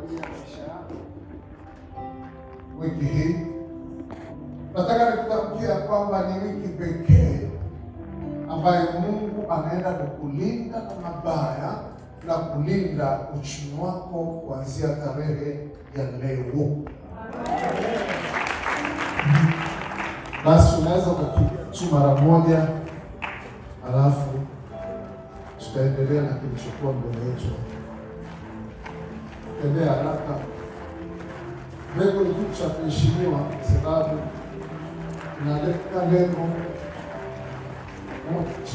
kusimamia maisha yako wiki hii. Nataka nikutamkia kwamba ni wiki pekee ambaye Mungu anaenda kukulinda na mabaya na kulinda uchumi wako kuanzia tarehe ya leo. Basi unaweza ukapiga mara moja, halafu tutaendelea na kilichokuwa mbele yetu kutembea haraka. Lengo ni kitu kuheshimiwa, sababu inaleta lengo moja.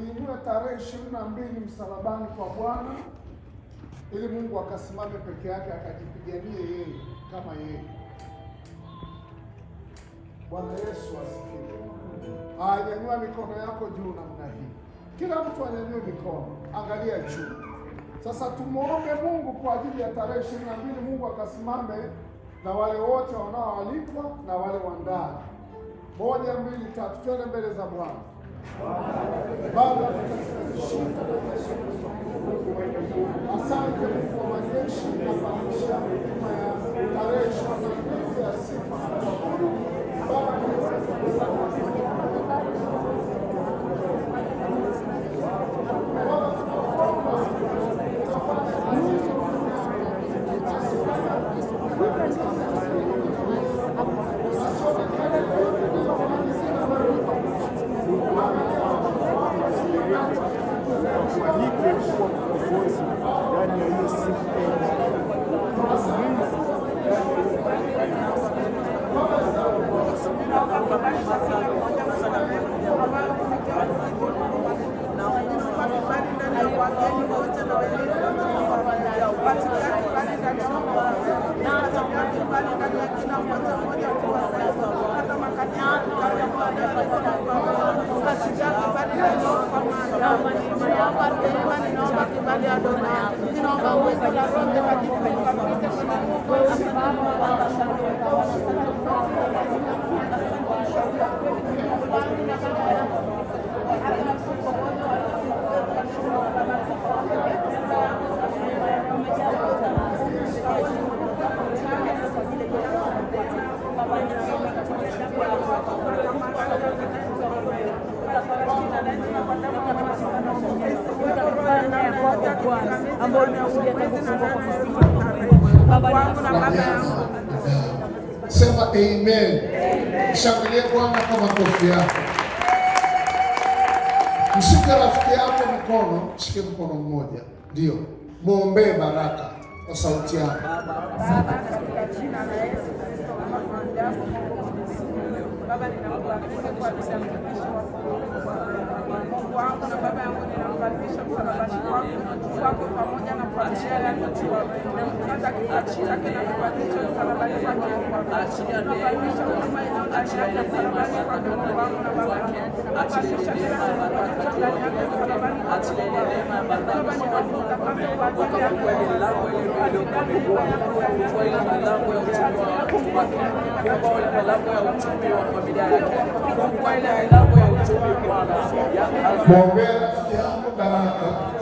aliinuliwa tarehe ishirini na mbili msalabani kwa Bwana ili Mungu akasimame peke yake akajipiganie yeye kama yeye. Bwana Yesu asifiwe. Anyanyua mikono yako juu namna hii, kila mtu anyanyue mikono, angalia juu. Sasa tumwombe Mungu kwa ajili ya tarehe ishirini na mbili Mungu akasimame na wale wote wanaoalikwa na wale wandani. Moja, mbili, tatu, twende mbele za Bwana. Baba shika maisha asante kwa kuwaonyesha na maisha ya tarehe Naomba uweze Sema amen. Shangilie Bwana kwa makofi yako. Mshike rafiki yako mkono, shike mkono mmoja, ndio mwombee baraka kwa sauti yako. Baba, ninakubariki kwa msababisho wako na baba yangu, ninakubarikisha msababisho wako wako pamoja na familia yako tiwa nakupata kipachila kinakubadilisha msababisho wako nabadilisha huduma inayotakiwa msababisho kwa Mungu wangu na baba nabadilisha kila kitu ndani yako msababisho baba nikafunga pasi kwa ajili yako kwa milango ya uchumi wako kwa milango ya uchumi wako Bongera, siamo da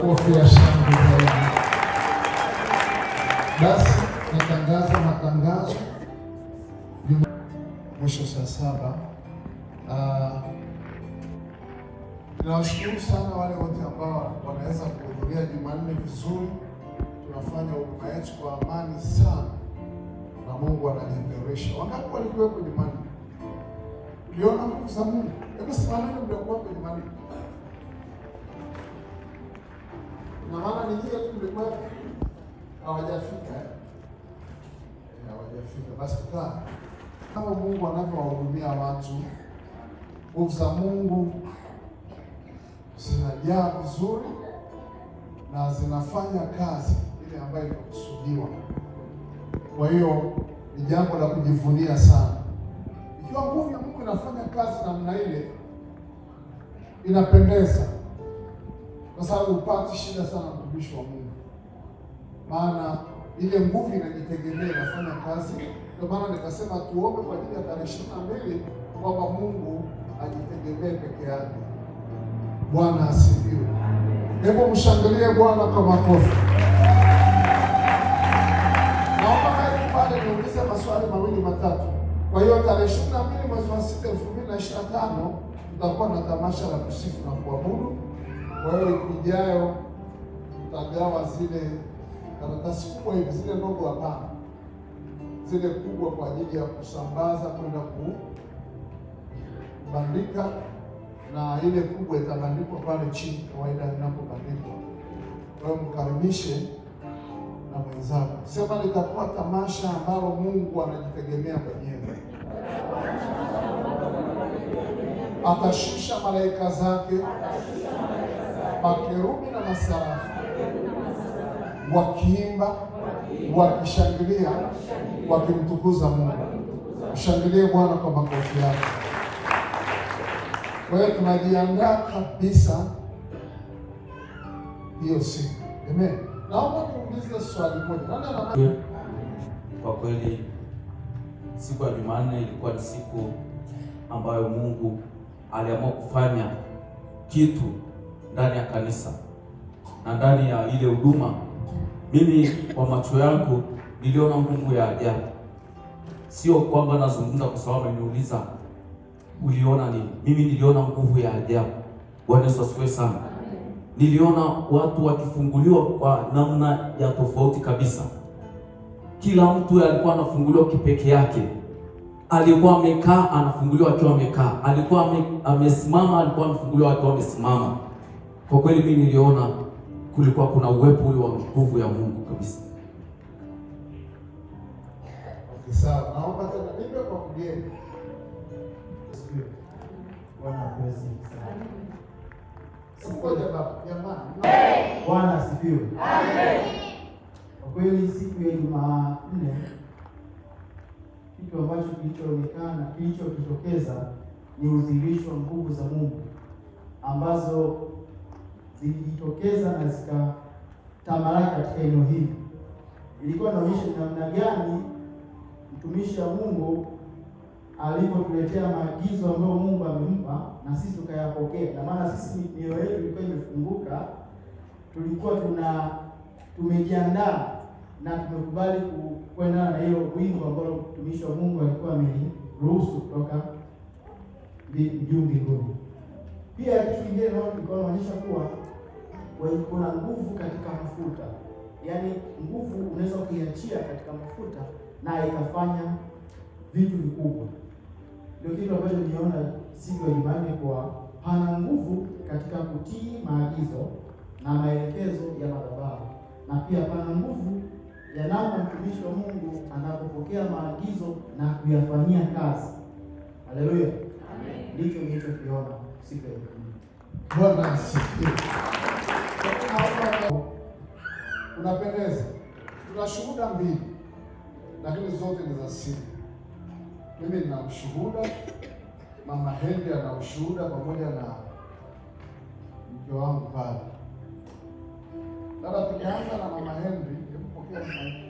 Kofi Basi natangaza matangazo mwisho saa saba. Tunawashukuru ah, sana wale wote ambao wanaweza kuhudhuria Jumanne vizuri. Tunafanya huduma yetu kwa amani sana, na Mungu anajiperisha. Wangapi walikuwepo Jumanne? Uliona nguvu za Mungu? Hebu simameni mliokuwepo Jumanne. na maana ni tu kule kwetu hawajafika, eh? Eh, hawajafika. Basi Kwa kama Mungu anavyowahudumia watu, nguvu za Mungu zinajaa vizuri na zinafanya kazi ile ambayo ilikusudiwa. Kwa hiyo ni jambo la kujivunia sana, ikiwa nguvu ya Mungu inafanya kazi namna ile, inapendeza kwa sababu upati shida sana mtumishi wa Mungu, maana ile nguvu inajitegemea inafanya kazi. Ndio maana nikasema tuombe kwa ajili ya tarehe ishirini na mbili kwamba Mungu ajitegemee peke yake. Bwana asifiwe. Hebu mshangilie Bwana kwa makofi. Naomba karibu pale niulize maswali mawili matatu. Kwa hiyo tarehe ishirini na mbili mwezi wa sita elfu mbili na ishirini na tano tutakuwa na tamasha la kusifu na kuabudu kwa hiyo wiki ijayo tutagawa zile karatasi kubwa hivi, zile ndogo hapana, zile kubwa kwa ajili ya kusambaza kwenda kubandika, na ile kubwa itabandikwa pale chini kawaida inapobandikwa. Kwa hiyo mkaribishe na mwenzako, sema litakuwa tamasha ambalo Mungu anajitegemea mwenyewe atashusha malaika zake makerubi na masarafu wakiimba, wakishangilia, wakimtukuza Mungu. Mshangilie Bwana kwa makofi yako. Kwa hiyo tunajiandaa kabisa hiyo siku. Amen. Naomba tuulize swali moja. Kwa kweli siku ya Jumanne ilikuwa ni siku ambayo Mungu aliamua kufanya kitu ndani ya kanisa na ndani ya ile huduma, mimi kwa macho yangu niliona nguvu ya ajabu. Sio kwamba nazungumza kwa sababu ameniuliza uliona nini. Mimi niliona nguvu ya ajabu. Bwana Yesu asifiwe sana. Niliona watu wakifunguliwa kwa namna ya tofauti kabisa. Kila mtu alikuwa anafunguliwa kipeke yake. Alikuwa amekaa anafunguliwa akiwa amekaa, alikuwa amesimama, alikuwa anafunguliwa akiwa amesimama. Kwa kweli mimi niliona kulikuwa kuna uwepo ule wa nguvu ya Mungu kabisa. Sawa, naomba tena nipe kwa mgeni. Bwana baba, jamani. Bwana asifiwe. Amen. Kwa kweli siku ya Jumaa nne kitu ambacho kilichoonekana kilichokitokeza ni udhihirisho wa nguvu za Mungu ambazo zilijitokeza na zikatamalaki katika eneo hili. Ilikuwa inaonyesha namna gani mtumishi wa Mungu alivyotuletea maagizo ambayo Mungu amempa na sisi tukayapokea. Na maana sisi mioyo yetu ilikuwa imefunguka, tulikuwa tuna tumejiandaa na tumekubali kwenda na hiyo wingu ambao mtumishi wa Mungu alikuwa ameniruhusu kutoka juu mbinguni. Pia kitu kingine naona tulikuwa kuwa kuna nguvu katika mafuta, yaani nguvu unaweza kuiachia katika mafuta na ikafanya vitu vikubwa. Ndio kitu ambacho niona siku ya Jumanne, kwa pana nguvu katika kutii maagizo na maelekezo ya madhabahu, na pia pana nguvu ya namna mtumishi wa Mungu anapopokea maagizo na kuyafanyia kazi. Haleluya, ndicho nilichokiona siku ya Jumanne. Bwana asifiwe mnapendeza. Tuna shuhuda mbili, lakini zote ni za siri. Mimi nina ushuhuda, mama Hendi ana ushuhuda, pamoja na mke wangu pale. Dada, tukianza na mama Hendi, hebu pokea